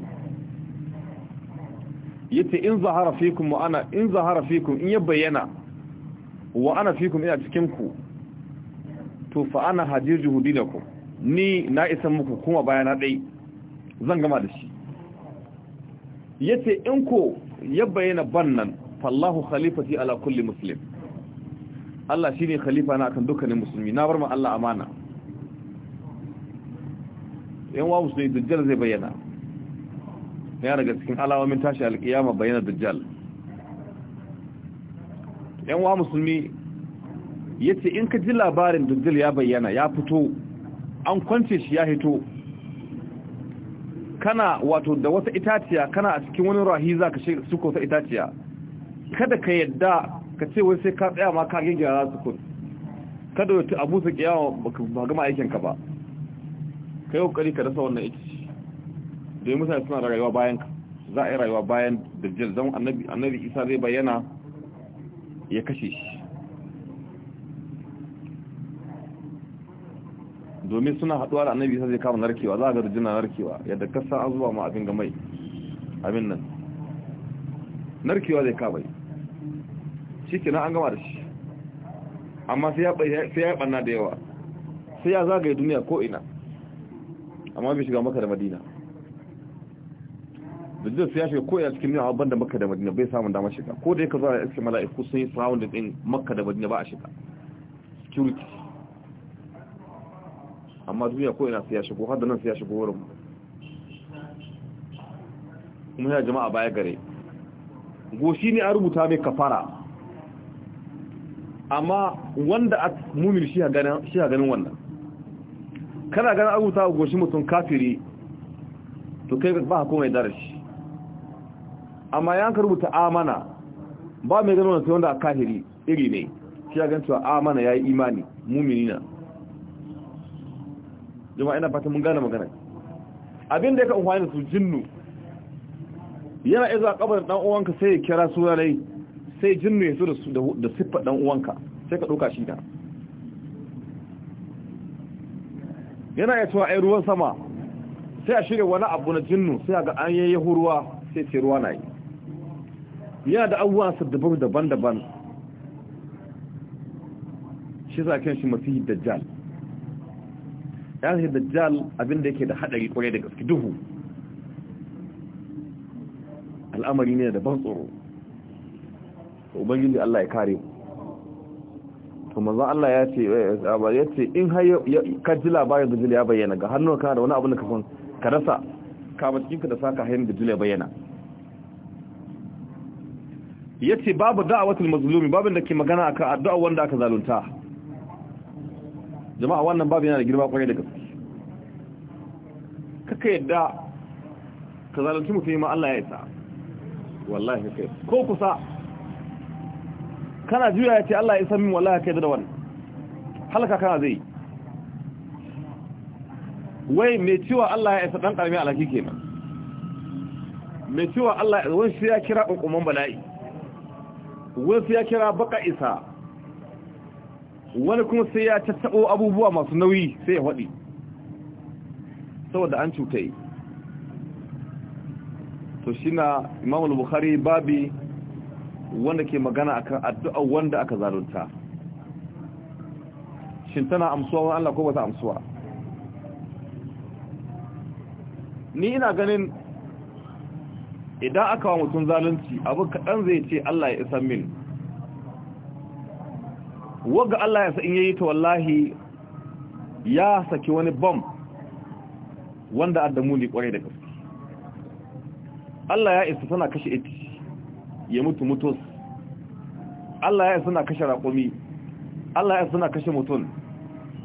yace in zahara fikum wa ana in zahara fikum in ya bayyana wa ana fikum ina cikin ku to fa ana hajirju dinakum ni na isa muku kuma bayana dai zan gama da shi yace in ko ya bayyana bannan fallahu khalifati ala kulli muslim Allah shine khalifa na akan dukkanin musulmi na bar ma Allah amana yan wa musulmi dajjal zai bayyana ya daga cikin alamomin tashi alkiyama bayyana dajjal yan wa musulmi yace in ka ji labarin dajjal ya bayyana ya fito an kwance shi ya hito kana wato da wata itaciya kana a cikin wani rahi za ka suko wata itaciya kada ka yadda ka ce wai sai ka tsaya ma ka gingira za su kun kada wata abu su kiyawa ba gama aikinka ba ka yi kokari ka rasa wannan ita ce domin mutane suna rayuwa bayan ka za a yi rayuwa bayan dajjal don annabi annabi isa zai bayyana ya kashe shi domin suna haduwa da annabi isa zai kama narkewa za a ga dajjal narkewa yadda kasa an zuwa ma abin mai abin nan narkewa zai kama shi kenan an gama da shi amma sai ya ɓanna da yawa sai ya zagaye duniya ko ina amma bai shiga maka da madina da su ya shiga ko ya cikin nuna ban da maka da madina bai samun dama shiga ko da ya zuwa zara iske mala'iku sun yi tsawon da ɗin maka da madina ba a shiga security amma duniya ko ina su ya shigo har da nan su ya shigo wurin kuma ya jama'a baya gare goshi ne a rubuta mai kafara amma wanda a mumin shi a ganin wannan kana ganin abuta a goshi mutum kafiri to kai ba komai darashi amma yanka rubuta amana ba mai ganin sai wanda a kafiri iri ne shi ya gancewa amana ya yi imani mumini na jama'a ina fata mun gane magana abin da ya ka amfani da su jinnu yana izu a kabar dan uwanka sai ya kira sunanai sai jinnu ya so da siffa dan uwanka sai ka ɗauka shi da yana ya cewa ai ruwan sama sai a shirya wani abu na jinnu sai ga an yayi ruwa sai ce ruwa na yi yana da abubuwa su daban-daban shi za shi masu dajjal ya zai dajjal abinda yake da haɗari kwarai da gaske duhu al'amari ne da ban tsoro ubangiji Allah ya kare ku manzon Allah ya ce eh, eh, ya ce in har ka ji labarin jirgin ya bayyana ga hannun kana da wani abu da kafin ka rasa ka ba cikin ka da saka hayin gajila ya bayyana ya ce babu da'awatul mazlumi babu da ke magana akan addu'a wanda aka zalunta jama'a wannan babu yana da girma kwarai da gaske kaka yadda ka zalunci mutum ma Allah ya isa wallahi kai ko kusa kana juya ya ce Allah ya san min wallahi kai da wannan halaka kana zai wai mai ciwa Allah ya isa dan karmi alaki kenan mai ciwa Allah wai sai ya kira kokoman bala'i wai sai ya kira baka isa wani kuma sai ya tattabo abubuwa masu nauyi sai ya fadi saboda an cutai to shi na imamu bukhari babi wanda ke magana akan addu'a wanda aka zalunta shin tana amsuwa wa Allah ko ba ta amsuwa ni ina ganin idan aka wa mutum zalunci abu kaɗan zai ce Allah ya isa min waga Allah ya sa'in in yayi ta wallahi ya saki wani bom wanda addamu ne kwarai da gaske Allah ya isa tana kashe iti. ya mutu mutus Allah ya suna kashe raƙumi Allah ya suna kashe mutum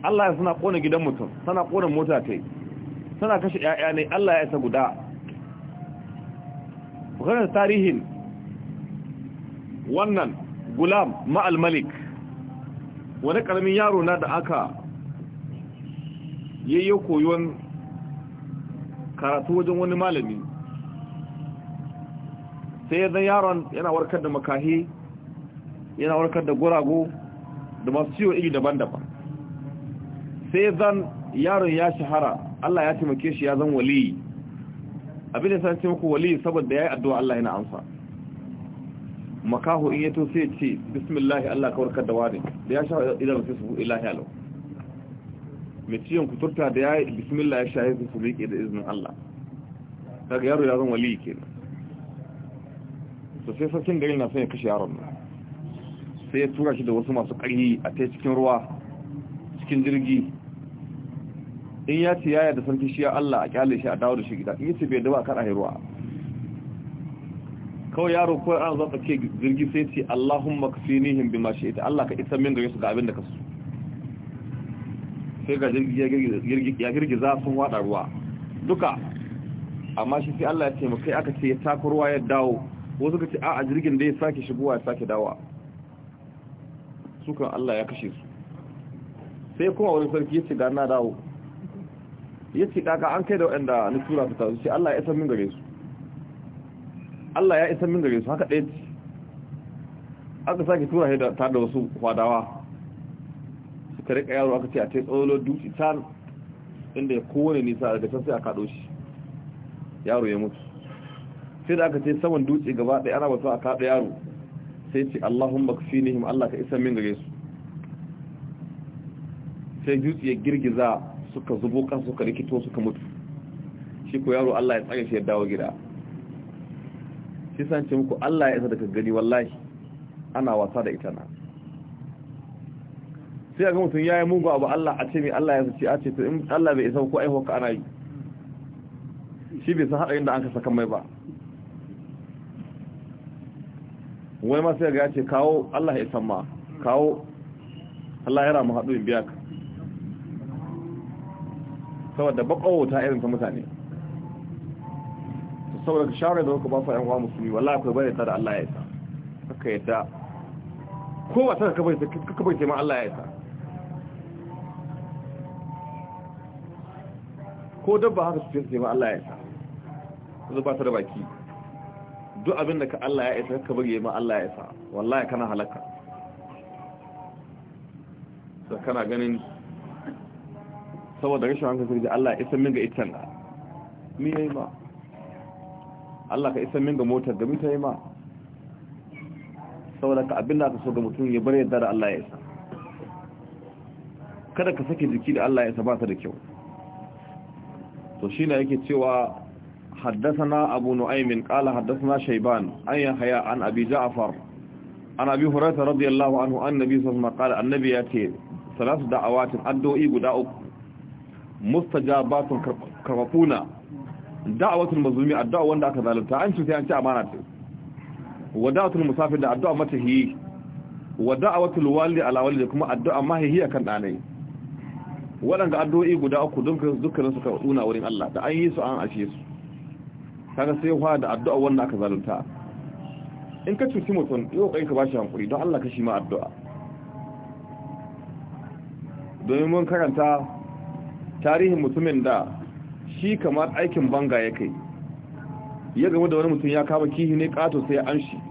Allah ya suna ƙone gidan mutum suna ƙone mota ta yi suna kashe ‘ya'ya ne Allah ya isa guda bukatar tarihin wannan gulam ma'al malik wani ƙaramin yaro na da aka yayyo koyon karatu wajen wani malami sai yadda yaron yana warkar da makahi yana warkar da gurago da masu ciwo iri daban-daban sai zan yaron ya shahara Allah ya taimake shi ya zan wali abin da san ce muku wali saboda ya yi addu'a Allah yana amsa makaho in yato sai ce bismillah Allah ka warkar da wani da ya shahara idan sai su ilahi alau mai ciyon kuturta da ya yi bismillah ya shahara su miƙe da izinin Allah daga yaro ya zan wali kenan to sai sarkin gari na son ya kashe yaron nan sai ya tura shi da wasu masu ƙarhi a ta cikin ruwa cikin jirgi in ya ce yaya da sarki shi ya Allah a kyale shi a dawo da shi gida in yace bai dawo a kan ruwa kawai yaro ko an zo tsake jirgi sai ce Allahumma kafinihim bima shi'ta Allah ka isa min gare su ga abin da ka sai ga jirgi ya girgiza sun wada ruwa duka amma shi sai Allah ya ce mu kai aka ce ya ruwa ya dawo wasu suka ce a jirgin da ya sake shigowa ya sake dawa sukan Allah ya kashe su sai kuma wani sarki ya ce ga na dawo ya ce daga an kai da waɗanda na tura fita tazu ce Allah ya isa min gare su Allah ya isa min gare su haka ɗaya ce aka sake tura ta da wasu kwadawa suka rika yaro aka ce a ta tsolo dutse can inda ya kowane nisa daga can sai a kaɗo shi yaro ya mutu sai da aka ce saman dutse gaba ɗaya ana wasu a kaɗa yaro sai ce allahun nihim allah ka isa min gare su sai dutse ya girgiza suka zubo kan suka rikito suka mutu shi ko yaro allah ya tsage shi ya dawo gida shi san ce muku allah ya isa daga gani wallahi ana wasa da ita na sai a ga mutum ya yi mugu abu allah a ce mai allah ya zuci a ce in allah bai isa ko aihuwa ka ana yi shi bai san haɗarin da an ka saka mai ba wai masu yaga ya ce kawo Allah ya samma kawo Allah ya ramu haɗu in biya ka saboda ta irin ta mutane saboda ka share da kuka ba su yan uwa musulmi wallah akwai bare ta da Allah ya isa kaka yadda ko ba ta ka kaba ka bai ma Allah ya isa ko dabba haka su ce ma Allah ya isa zuba ta da baki duk abin da ka Allah ya isa ka bari ma Allah ya isa wallahi kana halaka da kana ganin saboda rashin hankali sai Allah ya isa min ga itan da me yayi ma Allah ka isa min ga motar da ta yi ma saboda ka abin da ka so ga mutum ya bar yadda da Allah ya isa kada ka sake jiki da Allah ya isa ba ta da kyau to shine yake cewa حدثنا أبو نعيم قال حدثنا شيبان أن يحيى عن أبي جعفر عن أبي هريرة رضي الله عنه أن النبي صلى الله عليه وسلم قال النبي يأتي ثلاث دعوات أدوئي قداؤك mustajabatun karfafuna da'awatul mazlumi addu'a wanda aka zalunta an ce amana ce wa da'awatul musafir da addu'a matahi wa da'awatul walidi ala walidi kuma addu'a mahihiya kan danai waɗanda addu'o'i guda uku dukkan su karɓuna wurin Allah da an yi su an ashe su kaga sai yawa da addu'a wanda aka zalunta in ka cuci mutum yau kai ka bashi hankuri don Allah ka shi ma addu'a domin mun karanta tarihin mutumin da shi kamar aikin banga ya kai ya gama da wani mutum ya kama kihi ne kato sai ya amshi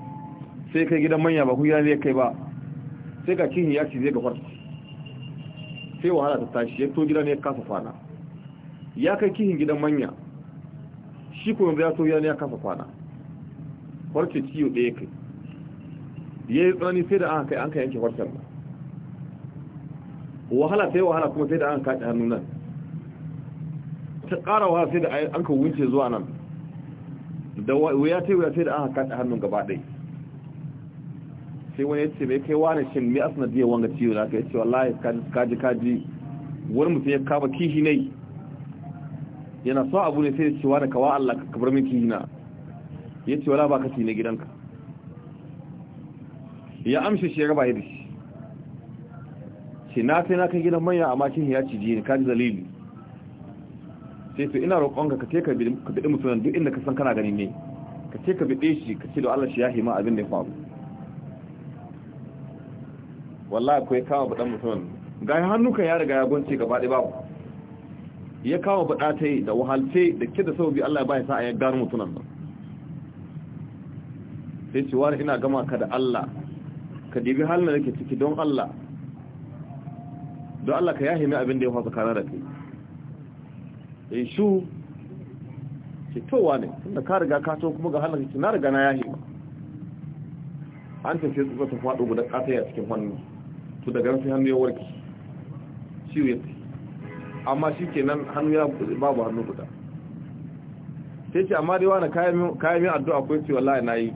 sai kai gidan manya ba kuya ne kai ba sai ka kihi ya ci zai ga farko sai wahala ta tashi ya to gidan ne ya kasa fana ya kai kihin gidan manya shi kuma ya so ya ya kasa kwana farce ciwo ɗaya kai ya yi tsanani sai da an kai an ka yanke farcen ba wahala sai wahala kuma sai da an kaɗe hannu nan ta ƙara wahala sai da an ka wuce zuwa nan da wuya ta wuya sai da an kaɗe hannun gaba ɗai sai wani ya ce mai kai wani shi mai asina biya wanga ciwo da aka yi ce wallahi kaji kaji wani mutum ya kama kishi ne yana so abu ne sai da cewa da kawa Allah ka bar miki kihina ya ce wala ba ci na gidanka ya amshi shi ya raba yadda shi ce na sai na kai gidan manya amma shi ya ci jini ka kaji dalili sai to ina roƙonka ka ce ka biɗi mutunan duk inda ka san kana gani ne ka ce ka biɗe shi ka ce da Allah shi ya hima abin da ya faru wallahi akwai kama baɗan mutunan ga hannu kan ya riga ya gunce gaba ɗaya babu ya kawo buɗatai da wahalce da ke da sababi Allah ba ya sa a ya gano mutunan nan sai ce wani ina gama ka da Allah ka dibi halin da ke ciki don Allah don Allah ka ya mai abin da ya fasa kanar da ke in shu ce towa ne da ka riga ka kuma ga halin da ke na riga na ya ba an tafiye tsotsa ta faɗo guda ƙasa cikin hannu to daga sai hannu ya warke shi ya fi amma shi kenan hannu ya babu hannu guda sai ce amma dai wani kayan yin addu'a ko ce wallahi na yi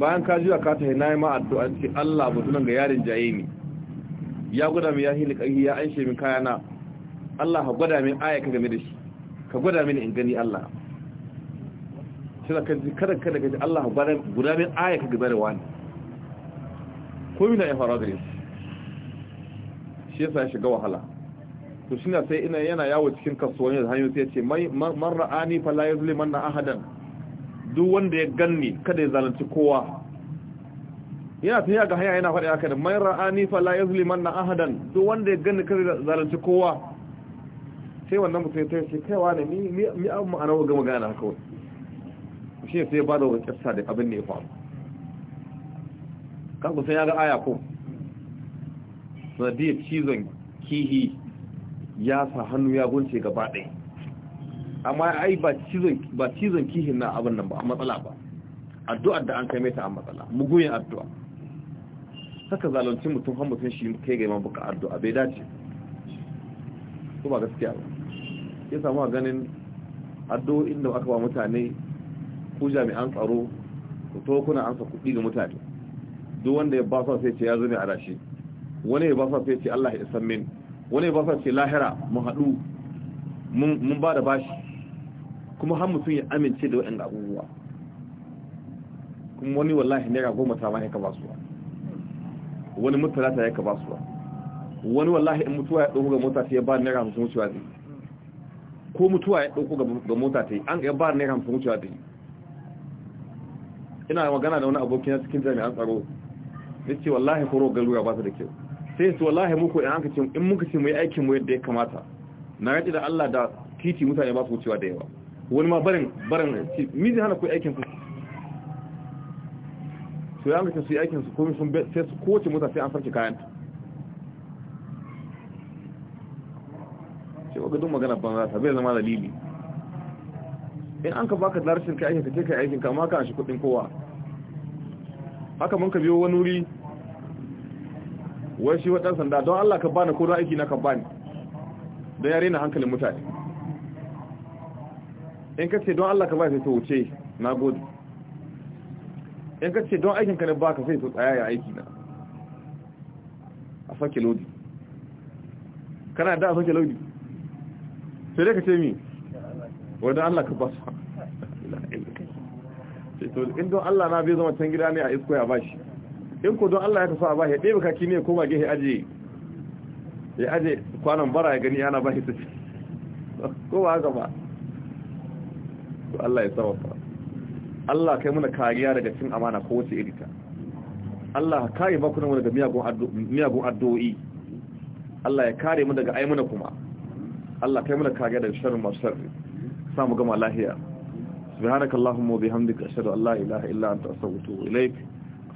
bayan ka jiya ka ta na yi ma addu'a ce Allah tunan ga yarin jaye ne ya gwada mai ya hili ƙarfi ya anshe min na Allah ka gwada min aya ka game da shi ka gwada min in gani Allah shi da kanci kada kada kaji Allah guda min aya ka da wani ko mina ya faru da shi shi sa ya shiga wahala to shi sai ina yana yawo cikin kasuwanni da hanyoyi sai ce man ra'ani fa la yuzliman ahadan duk wanda ya ganni kada ya zalunci kowa yana ta yaga hanya yana faɗi haka da mai ra'ani fa la yuzliman ahadan duk wanda ya ganni kada ya zalunci kowa sai wannan mutum ya ce wa ne ni ni mi an ma'ana ga magana haka wai shi sai ya bada wani kissa da abin da ya faru kan kusan ya ga aya ko sanadiyar cizon kihi ya sa hannu ya gunce gaba ɗaya amma ai ba cizon kihin na abin nan ba a matsala ba addu'ar da an kai ta a matsala muguyin addu'a saka zalunci mutum har mutum shi kai ga iman buka addu'a bai dace su ba gaskiya ba ya samu a ganin addu'o'in da aka ba mutane ku jami'an tsaro ku to kuna ansa kuɗi ga mutane duk wanda ya ba sa sai ce ya zo ne a rashi wani ya ba sa sai ce Allah ya san min wani ba sa ce lahira mu haɗu mun ba da bashi kuma har mutum ya amince da waɗanda abubuwa kuma wani wallahi ga goma ta ma ya ka basuwa wani mutala ta ya ka wani wallahi in mutuwa ya ɗauko ga mota ta ya ba naira hamsin wucewa zai ko mutuwa ya ɗauko ga mota ta yi an ga ba naira hamsin wucewa zai ina magana da wani abokin cikin jami'an tsaro ne ce wallahi koro garuwa ba su da kyau sai su wallahi muku in aka ce in muka ce mu yi aikin mu yadda ya kamata na raji da Allah da titi mutane ba su wucewa da yawa wani ma barin barin mi zai hana ku aikin ku su ya mutu su yi aikin su komai sun sai su kowace mota sai an sarki kayan ta Sai wa gudun magana ban za ta bai zama dalili in an ka baka da kai aikin ka ce kai aikin ka amma ka shi kuɗin kowa haka mun ka biyo wani wuri wai shi wadan sanda don Allah ka bani ko ra'ayi na ka bani da yare na hankalin mutane in ka ce don Allah ka bani sai to wuce nagode in ka ce don aikin ka ne baka sai to tsaya ya aiki na a sake lodi kana da a sake lodi sai dai ka ce mi don Allah ka basu <laughs> sai to in don Allah na bai zama can gida ne a isko ya bashi in ku don Allah ya tafi a bashi ɗaya kine ne koma gehe aje ya aje kwanan bara ya gani ana ba shi ce ko ba haka ba Allah ya sarrafa Allah kai muna kariya daga cin amana ko wace irita Allah ka kare bakunan mu daga miyagun addu'o'i Allah ya kare mu daga aimuna kuma Allah kai muna kariya daga sharrin masu sharri samu gama lahiya subhanakallahumma wa bihamdika ashhadu an la ilaha illa anta astaghfiruka wa atubu ilayk